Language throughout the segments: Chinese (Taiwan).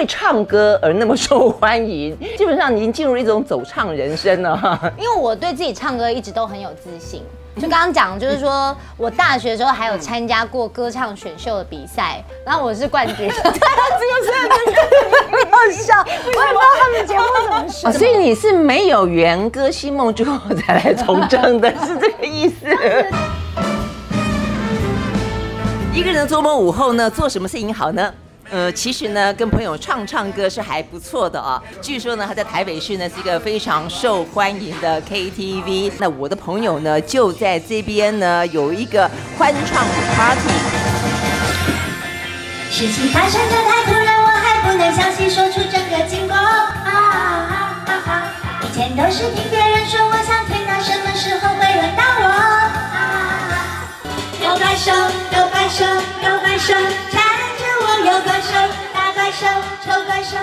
為唱歌而那麼受歡迎，基本上已經進入一種走唱人生了、啊、因為我對自己唱歌一直都很有自信。就剛剛講，就是說我大學的時候還有參加過歌唱選秀的比賽，然後我是冠軍。哈哈、嗯，這個是真的，很、嗯嗯、笑。我也不知道他們節目怎麼說、啊、所以你是沒有圓歌星夢之後再來從政的，是這個意思。時一個人的週末午後呢，做什麼事情好呢？呃、嗯，其實呢，跟朋友唱唱歌是還不錯的啊。據說呢，他在台北市呢是一個非常受歡迎的 KTV。那我的朋友呢，就在這邊呢有一個歡唱的 party。事情發生的太突然，我還不能詳細說出整個經過啊啊啊啊啊啊啊。以前都是聽別人說我想聽到，什麼時候會輪到我？啊，啊，啊。有怪獸，有怪獸，有怪獸。有怪獸，大怪獸，醜怪獸。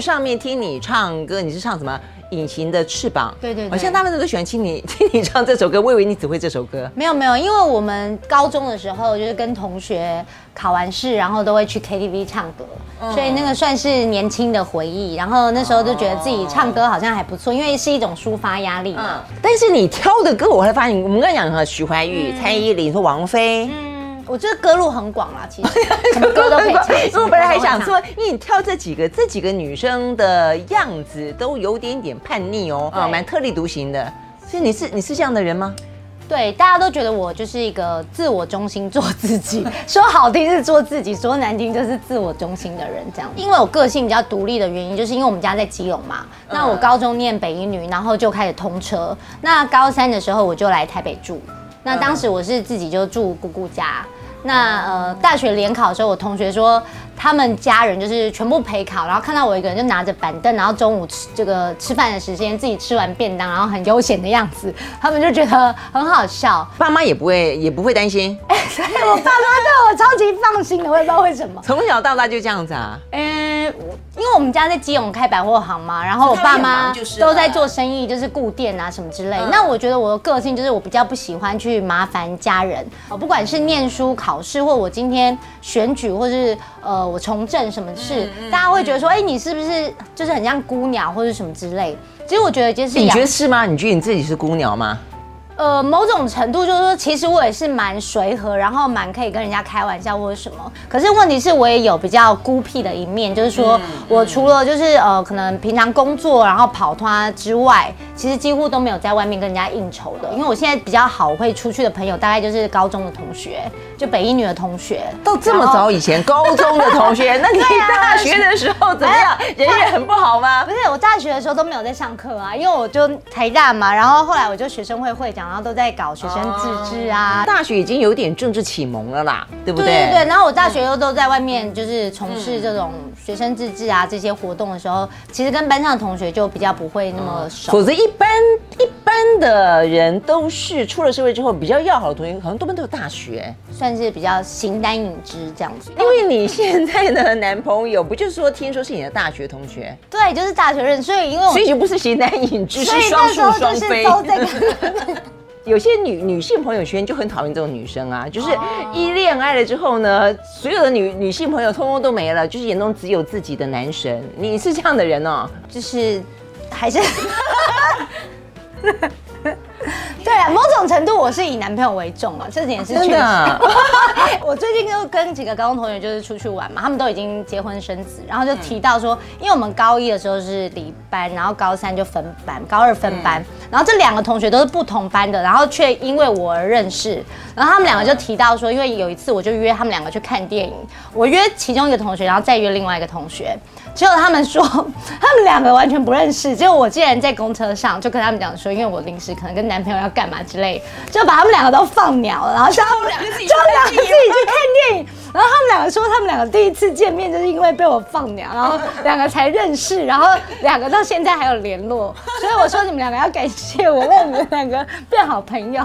上面聽你唱歌，你是唱什麼？隱形的翅膀。對對對，好像他們都都喜歡聽你聽你唱這首歌，我以為你只會這首歌。沒有沒有，因為我們高中的時候就是跟同學考完試，然後都會去 KTV 唱歌，嗯，所以那個算是年輕的回憶。然後那時候就覺得自己唱歌好像還不錯，因為是一種抒發壓力嘛。嗯嗯，但是你挑的歌，我會發現，我們剛剛講徐懷鈺、嗯、蔡依林，和王菲。嗯我覺得歌路很廣啊，其實什麼歌都可以唱。 所以我本來還想說，因為你挑這幾個，這幾個女生的樣子都有點點叛逆哦，蠻對、哦、特立獨行的。所以你是你是這樣的人嗎？對，大家都覺得我就是一個自我中心，做自己， 說好聽是做自己，說難聽就是自我中心的人這樣。因為我個性比較獨立的原因，就是因為我們家在基隆嘛。嗯、那我高中念北一女，然後就開始通車。那高三的時候，我就來台北住。那當時我是自己就住姑姑家。那呃，大學聯考的時候，我同學說。他們家人就是全部陪考，然後看到我一個人就拿着板凳，然後中午吃這個吃飯的時間自己吃完便當，然後很悠閒的樣子，他們就覺得很好笑。爸媽也不會也不會擔心，哎、欸，所以我爸媽對我超級放心的，我也不知道為什麼，從小到大就這樣子啊。嗯、欸，因為我們家在基隆開百貨行嘛，然後我爸媽就是都在做生意，就是顧店啊什麼之類。嗯、那我覺得我的個性就是我比較不喜歡去麻煩家人，不管是念書、考試，或我今天選舉，或是呃。我從政什麼事，嗯、大家會覺得說，哎、欸，你是不是就是很像孤鳥或者什麼之類的？其實我覺得就是、欸、你覺得是嗎？你覺得你自己是孤鳥嗎？呃，某種程度就是說，其實我也是蠻隨和，然後蠻可以跟人家開玩笑或者什麼。可是問題是我也有比較孤僻的一面，就是說、嗯嗯、我除了就是呃，可能平常工作然後跑攤之外，其實幾乎都沒有在外面跟人家應酬的，因為我現在比較好會出去的朋友，大概就是高中的同學，就北一女的同學，都這麼早以前後高中的同學。 那你大學的時候怎麼樣？啊，人也很不好嗎？不是，我大學的時候都沒有在上課啊，因為我就台大嘛，然後後來我就學生會會長，然後都在搞學生自治啊。哦，大學已經有點政治啟蒙了啦，對不對？對，對對。然後我大學又都在外面，就是從事這種。學生自治啊，這些活動的時候，其實跟班上的同學就比較不會那麼熟，嗯。否則一般一般的人都是出了社會之後，比較要好的同學，好像多半都有大學，算是比較形單影只這樣子。因為你現在的 男朋友不就是說，聽說是你的大學同學？對，就是大學認識，所以因為所以就不是形單影只，所以那時候就是雙宿雙飛。 有些女女性朋友圈就很討厭這種女生啊，就是一戀愛了之後呢，所有的女女性朋友通通都沒了，就是眼中只有自己的男神。你是這樣的人哦、喔？就是還是，對啊，某種程度我是以男朋友為重啊，這點是確實。真的啊、 我最近就跟幾個高中同學就是出去玩嘛，他們都已經結婚生子，然後就提到說，嗯、因為我們高一的時候是禮班，然後高三就分班，高二分班。嗯然後這兩個同學都是不同班的，然後卻因為我而認識，然後他們兩個就提到說，因為有一次我就約他們兩個去看電影，我約其中一個同學，然後再約另外一個同學，結果他們說他們兩個完全不認識，結果我竟然在公車上就跟他們講說，因為我臨時可能跟男朋友要幹嘛之類，就把他們兩個都放鳥了，然後我就兩個自己去看電影。然後他們兩個說，他們兩個第一次見面就是因為被我放鳥，然後兩個才認識，然後兩個到現在還有聯絡。所以我說你們兩個要感謝我，讓你們兩個變好朋友。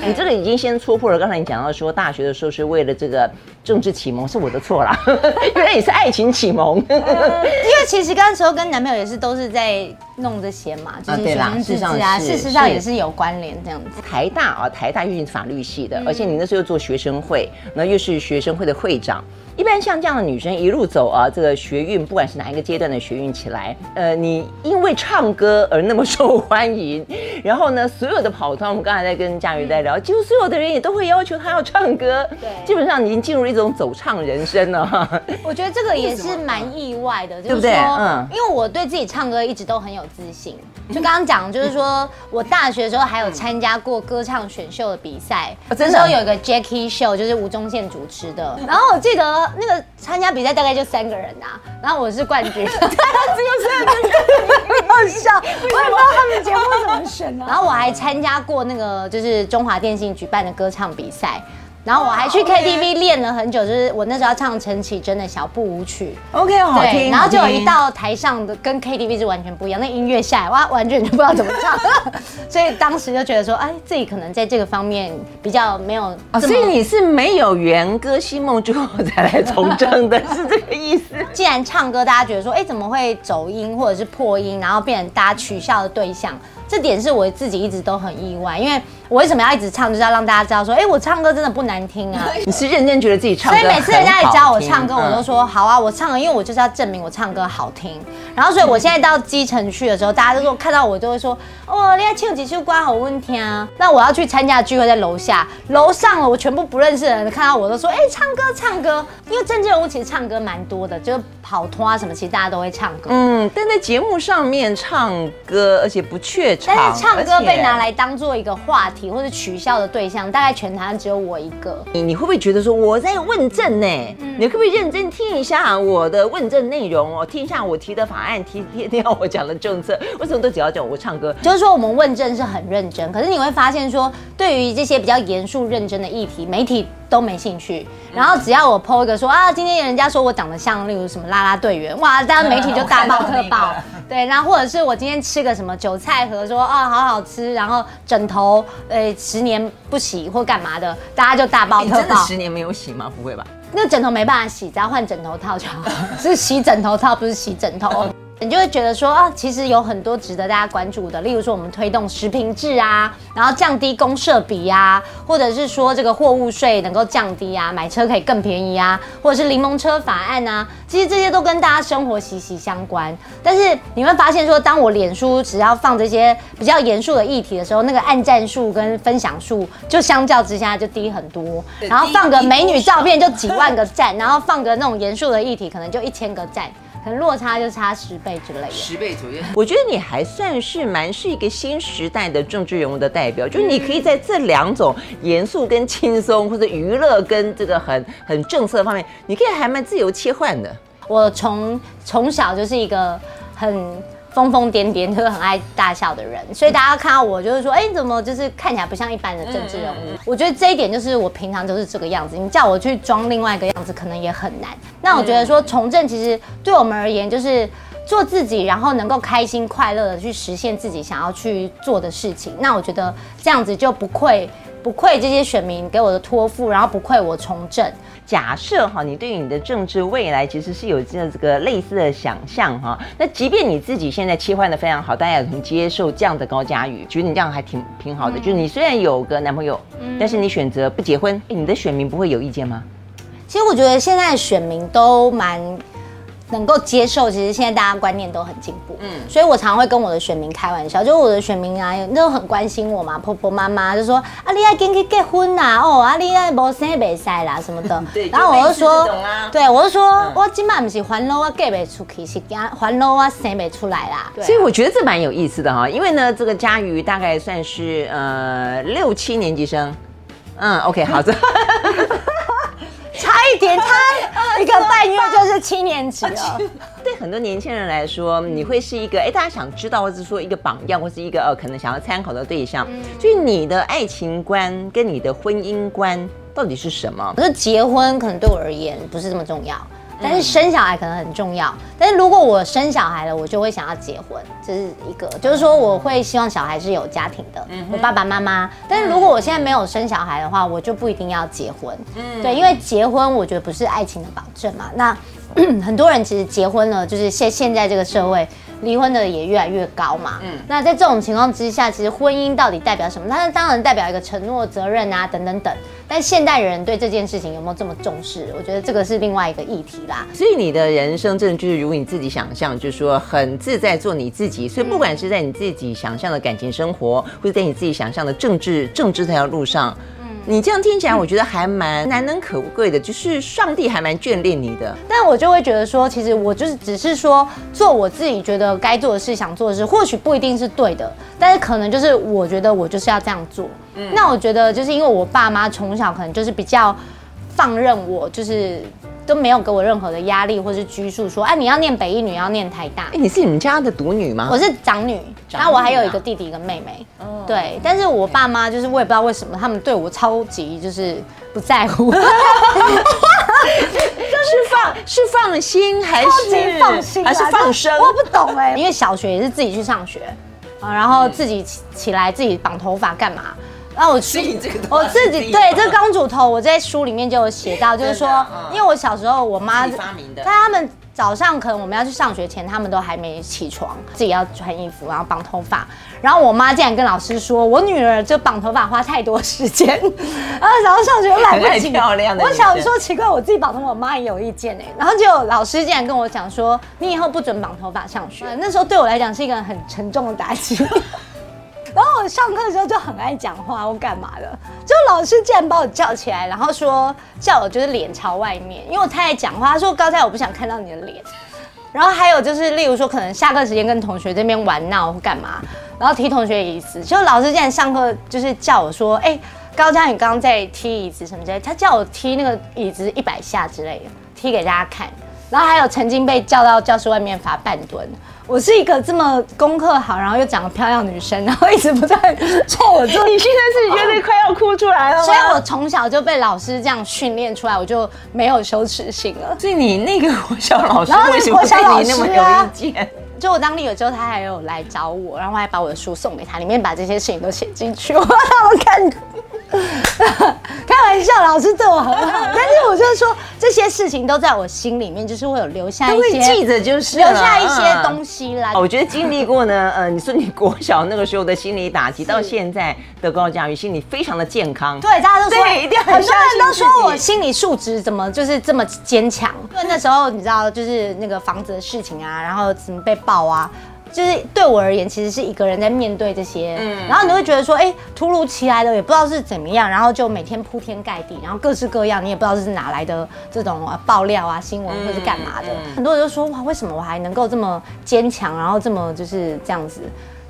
哎、你這個已經先戳破了。剛才你講到說大學的時候是為了這個政治啟蒙是我的錯啦，因為也是愛情啟蒙。哎、因為其實剛,剛時候跟男朋友也是都是在弄這些嘛，就是、啊啊、對啦事實上是事實上也是有關聯這樣子。是台大啊，台大又是法律系的，嗯、而且你那時候又做學生會，那又是學生會的。會長。一般像這樣的女生一路走啊，這個學運不管是哪一個階段的學運起來，呃，你因為唱歌而那麼受歡迎，然後呢，所有的跑團，我們剛才在跟嘉瑜在聊，嗯、幾乎所有的人也都會要求她要唱歌。對，基本上已經進入一種走唱人生了、啊、哈。我覺得這個也是蠻意外的，對不對？嗯，因為我對自己唱歌一直都很有自信。就剛剛講，就是說我大學的時候還有參加過歌唱選秀的比賽，我、哦、那時候有一個 Jackie Show，就是吳宗憲主持的，然後我記得。那個參加比賽大概就三個人吶，啊，然後我是冠軍。對啊，只有三個人。沒有笑，不我也不知道他們節目怎麼選啊。然後我還參加過那個就是中華電信舉辦的歌唱比賽。然後我還去 K T V 練了很久，wow, okay. 就是我那時候要唱陳綺貞的小步舞曲，OK 對好聽。然後就一到台上的，跟 K T V 是完全不一樣，那音樂下來，哇，完全就不知道怎麼唱。 所以當時就覺得說，哎，自己可能在這個方面比較沒有、哦。所以你是沒有圓歌星夢之後才來從政的，是這個意思？ 既然唱歌，大家覺得說，哎、欸，怎麼會走音或者是破音，然後變成大家取笑的對象，這點是我自己一直都很意外，因為。我為什麼要一直唱？就是要讓大家知道說，哎、欸，我唱歌真的不難聽啊！你是認真覺得自己唱歌，所以每次人家來教我唱歌，我都說好啊，我唱。因為我就是要證明我唱歌好聽。然後，所以我現在到基層去的時候，大家都說看到我都會說，哦，你要唱一首歌給我聽啊。那我要去參加聚會在，在樓下樓上了，我全部不認識的人看到我都說，哎、欸，唱歌唱歌。因為政治人物其實唱歌蠻多的，就是跑通啊什麼，其實大家都會唱歌。嗯，但在節目上面唱歌，而且不怯場，但是唱歌被拿來當做一個話題。或者取笑的對象，大概全台只有我一個。你你會不會覺得說我在問政呢、欸？嗯、你可不可以認真聽一下我的問政內容哦？聽一下我提的法案，聽聽聽我講的政策，為什麼都只要講我唱歌？就是說我們問政是很認真，可是你會發現說，對於這些比較嚴肅認真的議題，媒體。都沒興趣，然後只要我 po 一個說啊，今天人家說我長得像例如什麼啦啦隊員，哇，大家媒體就大爆特爆，對，然後或者是我今天吃個什麼韭菜盒說啊，好好吃，然後枕頭呃、欸、十年不洗或幹嘛的，大家就大爆特爆。你真的十年沒有洗嗎？不會吧？那枕頭沒辦法洗，只要換枕頭套就好， 是洗枕頭套不是洗枕頭。你就會覺得說啊，其實有很多值得大家關注的，例如說我們推動實坪制啊，然後降低公設比啊，或者是說這個貨物稅能夠降低啊，買車可以更便宜啊，或者是檸檬車法案啊，其實這些都跟大家生活息息相關。但是你會發現說，當我臉書只要放這些比較嚴肅的議題的時候，那個按讚數跟分享數就相較之下就低很多。然後放個美女照片就幾萬個讚，然後放個那種嚴肅的議題可能就一千個讚。可能落差就差十倍之類的，十倍左右。我覺得你還算是蠻是一個新時代的政治人物的代表，就是你可以在這兩種嚴肅跟輕鬆，或者娛樂跟這個很很政策方面，你可以還蠻自由切換的。我從從小就是一個很。瘋瘋癲癲，就是很愛大笑的人，所以大家看到我就是說，哎、欸，你怎麼就是看起來不像一般的政治人物？嗯嗯嗯、我覺得這一點就是我平常都是這個樣子，你叫我去裝另外一個樣子，可能也很難。那我覺得說，從政其實對我們而言，就是做自己，然後能夠開心快樂的去實現自己想要去做的事情。那我覺得這樣子就不愧，不愧這些選民給我的托付，然後不愧我從政，假設哈，你對於你的政治未來其實是有一定的這個類似的想象哈。那即便你自己現在切換的非常好，大家也能接受這樣的高嘉瑜，覺得你這樣還挺挺好的。嗯、就是你雖然有個男朋友，嗯、但是你選擇不結婚，你的選民不會有意見嗎？其實我覺得現在的選民都蠻能夠接受，其實現在大家觀念都很進步，嗯，所以我常常會跟我的選民開玩笑，就我的選民啊，都很關心我嘛，婆婆媽媽就說啊，你愛跟去結婚啦，啊，哦啊，你愛無生備賽啦什麼的，對然後我就說，就就啊，對，我就說，嗯，我今晚不是煩惱啊，嫁不出去，是講煩惱啊，生不出來啦，對，啊，所以我覺得這蠻有意思的哈，因為呢，這個嘉瑜大概算是呃六七年級生，嗯，OK，好的， 差一點差。一個半月就是七年級的。哦，嗯、對很多年輕人來說，你會是一個哎，大家想知道，或者說一個榜樣，或是一個呃，可能想要參考的對象。所以、嗯、你的愛情觀跟你的婚姻觀到底是什麼？可是結婚可能對我而言不是這麼重要，但是生小孩可能很重要，但是如果我生小孩了，我就會想要結婚，這是一個，就是說我會希望小孩是有家庭的，我爸爸媽媽。但是如果我現在沒有生小孩的話，我就不一定要結婚。對，因為結婚我覺得不是愛情的保證嘛。那很多人其實結婚了，就是現現在這個社會。離婚的也越來越高嘛，嗯，那在這種情況之下，其實婚姻到底代表什麼？它當然代表一個承諾、責任啊，等等等。但現代人對這件事情有沒有這麼重視？我覺得這個是另外一個議題啦。所以你的人生真的就是如你自己想象，就是說很自在做你自己。所以不管是在你自己想象的感情生活，或者在你自己想象的政治政治這條路上。嗯你這樣聽起來，我覺得還蠻難能可貴的，就是上帝還蠻眷戀你的。但我就會覺得說，其實我就是只是說做我自己覺得該做的事，想做的事，或許不一定是對的，但是可能就是我覺得我就是要這樣做。嗯，那我覺得就是因為我爸媽從小可能就是比較放任我，就是。都沒有給我任何的壓力或是拘束說，說、啊、哎，你要念北一女，要念台大。哎、欸，你是你們家的獨女嗎？我是長女，然後、啊啊、我還有一個弟弟一個妹妹。Oh. 對，但是我爸媽就是我也不知道為什麼，他們對我超級就是不在乎， 是放是放心還是放心還是放生？我不懂哎。 因為小學也是自己去上學，然後自己起起來自己綁頭髮幹嘛？然後我去我自己對這個公主頭，我在書裡面就有寫到，就是說，因為我小時候我媽發明的，但他們早上可能我們要去上學前，他們都還沒起床，自己要穿衣服，然後綁頭髮，然後我媽竟然跟老師說我女兒就綁頭髮花太多時間，啊，然後上學來不及，太漂亮的。我想說奇怪，我自己綁頭髮，我媽也有意見哎，然後就老師竟然跟我講說，你以後不准綁頭髮上學。那時候對我來講是一個很沉重的打擊。我上課的時候就很愛講話或幹嘛的，就老師竟然把我叫起來，然後說叫我就是臉朝外面，因為我太愛講話，他說高嘉瑜，我不想看到你的臉。然後還有就是，例如說可能下課時間跟同學這邊玩鬧或幹嘛，然後踢同學椅子，就老師竟然上課就是叫我說，哎、欸，高嘉瑜，你剛剛在踢椅子什麼之類的，他叫我踢那個椅子一百下之類的，踢給大家看。然後還有曾經被叫到教室外面罰半蹲。我是一個這麼功課好，然後又長得漂亮女生，然後一直不在衝我做 你現在是覺得快要哭出來了，啊。所以我從小就被老師這樣訓練出來，我就沒有羞恥心了。所以你那個國小老師，為什麼對你那麼有意見？那個啊，就我當立委之後，他還有來找我，然後還把我的書送給他，裡面把這些事情都寫進去，我好感 開玩笑，老師對我很好， 但是我就說這些事情都在我心裡面，就是會有留下一些，會記着就是留下一些東西啦、嗯嗯、我覺得經歷過呢，呃 你說你國小那個時候的心理打擊，是到現在的高嘉瑜心理非常的健康，對，大家都說，很多人都說我心理素質怎麼就是這麼堅強？ 對，那時候你知道，就是那個房子的事情啊，然後怎麼被爆啊。就是對我而言，其實是一個人在面對這些，嗯、然後你會覺得說，誒、欸，突如其來的也不知道是怎麼樣，然後就每天鋪天蓋地，然後各式各樣，你也不知道是哪來的這種、啊、爆料啊、新聞或者是幹嘛的。嗯嗯、很多人都說哇，為什麼我還能夠這麼堅強，然後這麼就是這樣子？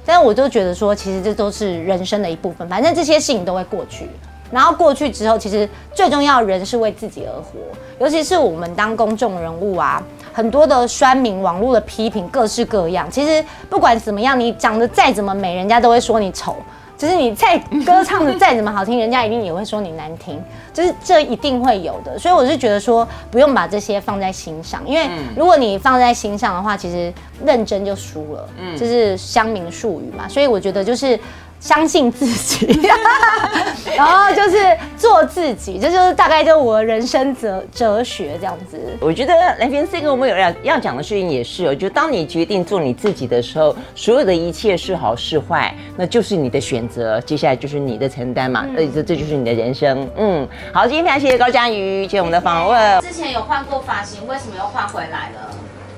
但是我就覺得說，其實這都是人生的一部分，反正這些事情都會過去。然後過去之後，其實最重要的，人是為自己而活，尤其是我們當公眾人物啊。很多的酸民、網絡的批評各式各樣。其實不管怎麼樣，你長得再怎麼美，人家都會說你醜；就是你在歌唱得再怎麼好聽， 人家一定也會說你難聽。就是這一定會有的，所以我是覺得說不用把這些放在心上，因為如果你放在心上的話，其實認真就輸了。就是鄉民術語嘛，所以我覺得就是。相信自己， 然後就是做自己，這就，就是大概就我的人生哲哲學這樣子。我覺得那邊這個我們有要要講的事情也是哦，我覺得當你決定做你自己的時候，所有的一切是好是壞，那就是你的選擇，接下來就是你的承擔嘛。那這、嗯、這就是你的人生。嗯，好，今天非常謝謝高嘉瑜接受我們的訪問。之前有換過髮型，為什麼又換回來了？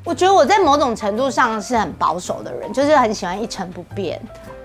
我覺得我在某種程度上是很保守的人，就是很喜歡一成不變。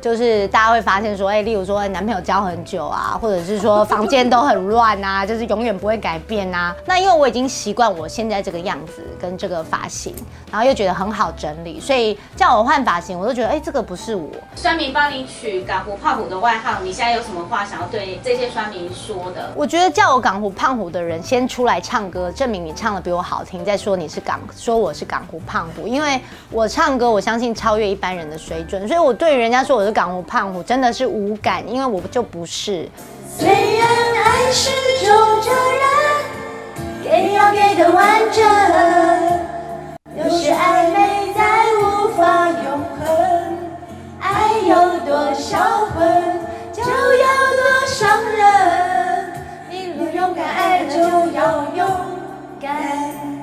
就是大家會發現說，哎、欸，例如說、欸、男朋友交很久啊，或者是說房間都很亂啊，就是永遠不會改變啊。那因為我已經習慣我現在這個樣子跟這個髮型，然後又覺得很好整理，所以叫我換髮型，我都覺得哎、欸，這個不是我。酸民幫你取港湖胖虎的外號，你現在有什麼話想要對這些酸民說的？我覺得叫我港湖胖虎的人先出來唱歌，證明你唱的比我好聽，再說你是港，說我是港湖胖虎，因為我唱歌，我相信超越一般人的水準，所以我對人家說我是。港湖胖虎真的是無感，因為我就不是。雖然愛是種責任，給要給得完整，有時愛美在無法永恆，愛有多銷魂就有多傷人，你若勇敢愛了就要勇敢。